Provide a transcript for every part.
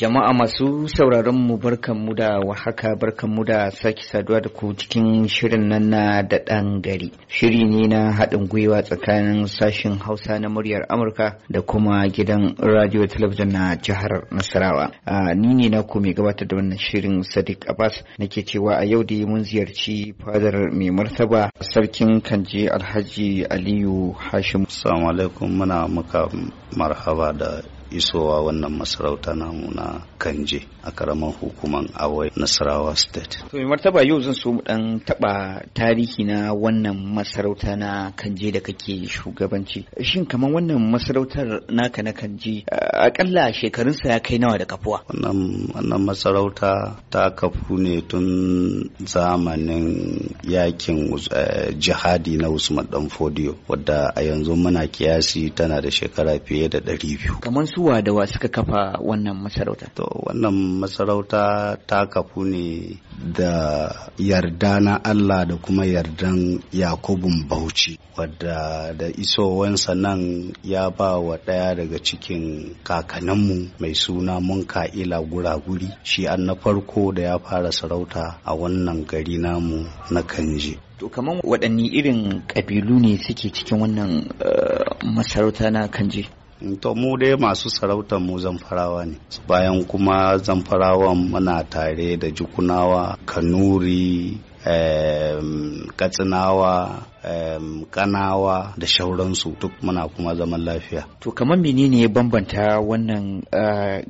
Jama'a masu sauraron mu barkan mu da wahaka barkan mu da sake saduwa da ku cikin shirin nan na da ɗan gari. Shiri ne na haɗin gwiwa tsakanin sashen Hausa na muryar Amurka da kuma gidan radio talabijin na jihar Nasarawa. a Ni ne na mai gabatar da wannan shirin Sadiq Abbas nake cewa a yau da mun ziyarci fadar mai martaba sarkin Kanje Alhaji Aliyu Hashim. Assalamu alaikum muna muka marhaba da isowa wannan masarauta namu na kanje a karamar hukuman awai nasarawa state to mai martaba yau zan so mu dan taba tarihi na wannan masarauta na kanje da kake shugabanci shin kamar wannan masarautar naka na kanje akalla sa ya kai nawa da kafuwa wannan masarauta ta kafu ne tun zamanin yakin eh, jihadi na usman dan fodiyo wadda a yanzu muna kiyasi tana da shekara fiye da 200 kamar su suwa da wa suka kafa wannan masarauta to wannan masarauta ta kafu ne da yarda na Allah da kuma yardan Yakubun Bauchi wadda da isowansa nan ya ba wa ɗaya daga cikin kakaninmu mai suna Munka'ila Guraguri shi an na farko da ya fara sarauta a wannan gari namu na Kanje to kamar waɗanne irin ƙabilu ne suke cikin wannan eh, masarauta na Kanje to mu dai masu sarautar mu zamfarawa ne bayan kuma zamfarawan muna tare da jukunawa kanuri katsinawa kanawa da shauransu duk muna kuma zaman lafiya. To kamar menene ya bambanta wannan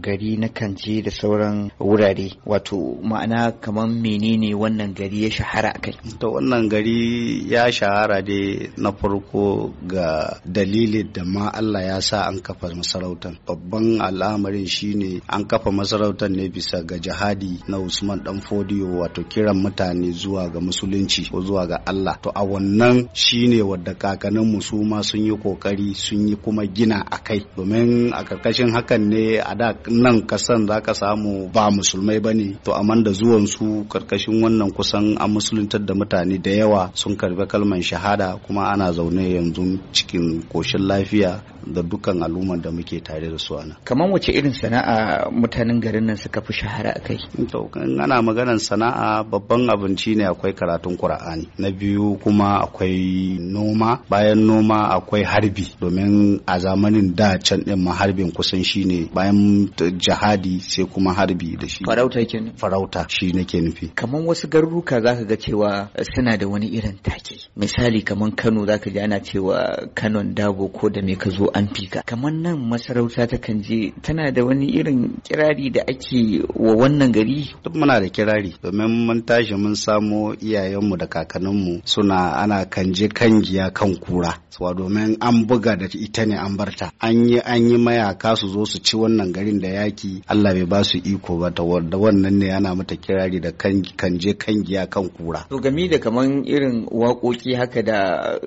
gari na Kanje da sauran wurare wato ma'ana kamar menene wannan gari ya shahara a kai? To wannan gari ya shahara dai na farko ga dalilin da ma Allah ya sa an kafa masarautar. Babban al'amarin shine an kafa masarautar ne bisa ga jihadi na Usman Danfodiyo wato kiran mutane zuwa ga musulunci ko zuwa ga Allah. To a wannan wannan shine wadda kakanninmu su ma sun yi kokari sun yi kuma gina a kai domin a karkashin hakan ne a da nan kasan za ka samu ba musulmai ba ne to amma da zuwan su karkashin wannan kusan an musuluntar da mutane da yawa sun karbi kalman shahada kuma ana zaune yanzu cikin koshin lafiya da dukkan al'ummar da muke tare da su ana kamar wace irin sana'a mutanen garin nan suka fi shahara a kai to ana maganar sana'a babban abinci ne akwai karatun qur'ani na biyu kuma akwai akwai noma bayan noma akwai harbi domin a zamanin da can din ma harbin kusan shine bayan jihadi sai kuma harbi da shi farauta kenan farauta shi nake nufi kaman wasu garuruka zaka ga cewa suna da wani irin take misali kaman Kano zaka ji ana cewa Kanon Dabo ko da me ka zo an fika kaman nan masarauta ta kan je tana da wani irin kirari da ake wa wannan gari duk muna da kirari domin mun tashi mun samo iyayenmu da kakanninmu suna ana kan je kan giya kan kura suwa domin an buga da ita ne an barta an yi an yi mayaka su zo su ci wannan garin da yaki Allah bai ba su iko ba ta wanda wannan ne yana mata kirari da kan kan je kan giya kan kura to gami da kaman irin waƙoƙi haka da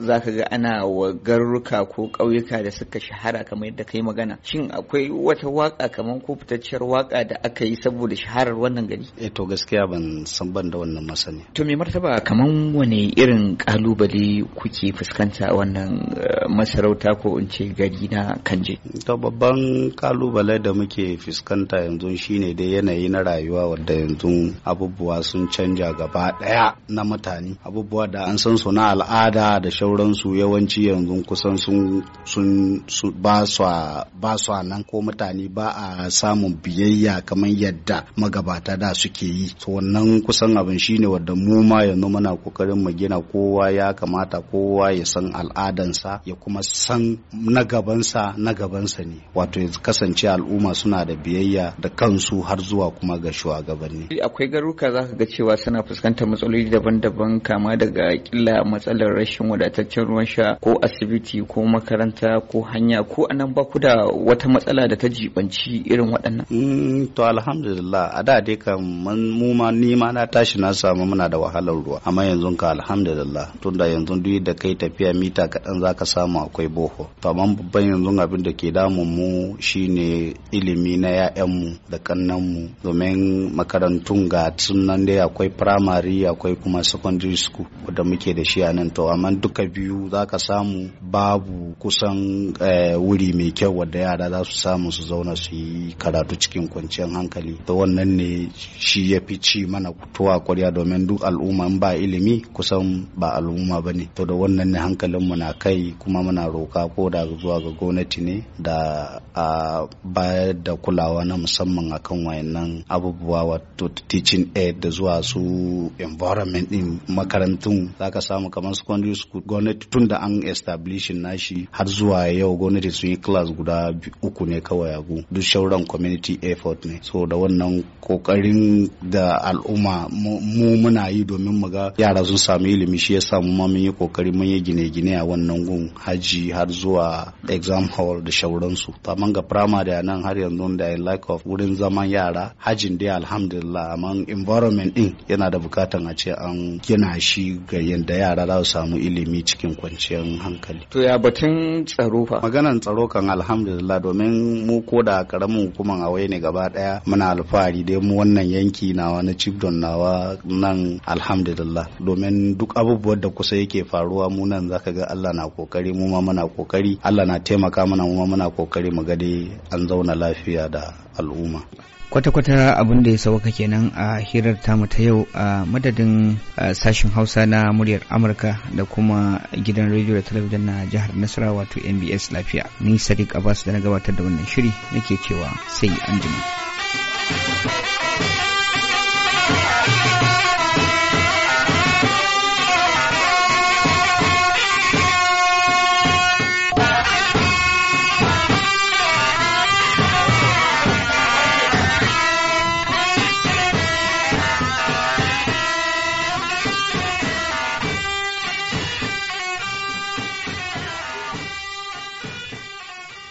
zaka ga ana wa garuruka ko ƙauyuka da suka shahara kamar yadda kai magana shin akwai wata waka kaman ko fitacciyar waka da aka yi saboda shaharar wannan gari eh to gaskiya ban san ban da wannan masani to me martaba kaman wane irin kalubale kalubale kuke fuskanta wannan eh, masarauta ko in ce gari na kanje ta babban kalubale da muke fuskanta yanzu shine dai yanayi na rayuwa wadda yanzu abubuwa sun canja gaba daya na mutane abubuwa da an san su na al'ada da shauransu yawanci yanzu kusan sun sun ba su ba nan ko mutane ba a samun biyayya kamar yadda magabata da suke yi to wannan kusan abin shine wadda mu ma yanzu muna kokarin mu gina kowa ya kamata kowa ya san al'adansa ya kuma san na gabansa na gabansa ne wato ya kasance al'umma suna da biyayya da kansu har zuwa kuma ga shugabanni akwai garuka za ka ga cewa suna fuskantar matsaloli daban-daban kama daga kila matsalar rashin wadataccen ruwan sha ko asibiti ko makaranta ko hanya ko anan ba ku da wata matsala da ta jibanci irin waɗannan mm, to alhamdulillah a da dai kan mu ma ni ma na tashi na samu muna da wahalar ruwa amma yanzu ka alhamdulillah tunda yanzu duk da kai tafiya mita kaɗan za ka samu akwai boho to amma babban yanzu abin da ke damun mu shine ilimi na mu da kannanmu domin makarantun ga tun nan dai akwai primary akwai kuma secondary school da muke da shi a nan to amma duka biyu za ka samu babu kusan eh, wuri mai kyau wanda yara za su samu su zauna su yi karatu cikin kwanciyar hankali to wannan ne shi ya fi ci mana kutuwa kwarya domin duk al'umma ba ilimi kusan ba al'umma al'umma ba ne to da wannan ne hankalinmu na kai kuma muna roka ko da zuwa ga gwamnati ne da a bayar da kulawa na musamman akan wayannan abubuwa wato teaching aid da zuwa su environment din makarantun zaka samu kamar secondary school gwamnati tun da an establishing nashi har zuwa yau gwamnati sun yi class guda uku ne kawai agu duk shauran community effort ne so da wannan kokarin da al'umma mu muna yi domin mu ga yara sun samu ilimi shi ya samu amma mun yi kokari mun yi gine-gine a wannan gun haji har zuwa exam hall da shauransu to amma ga primary da nan har yanzu da in like of wurin zaman yara hajin dai alhamdulillah amma environment din yana da bukatan a ce an gina shi ga yadda yara za su samu ilimi cikin kwanciyar hankali to ya batun tsaro fa maganan tsaro kan alhamdulillah domin mu ko da karamin hukuman awai ne gaba daya muna alfahari dai mu wannan yanki nawa na don nawa nan alhamdulillah domin duk abubuwan da kusa Hausa yake faruwa mu nan zaka ga Allah na kokari mu ma muna kokari Allah na taimaka mana mu ma muna kokari mu ga dai an zauna lafiya da al'umma kwata-kwata abin da ya sauka kenan a hirar tamu ta yau a madadin sashin hausa na muryar amurka da kuma gidan rediyo da talabijin na jihar nasarawa wato mbs lafiya ni sadiq abbas da na gabatar da wannan shiri nake cewa sai anjima.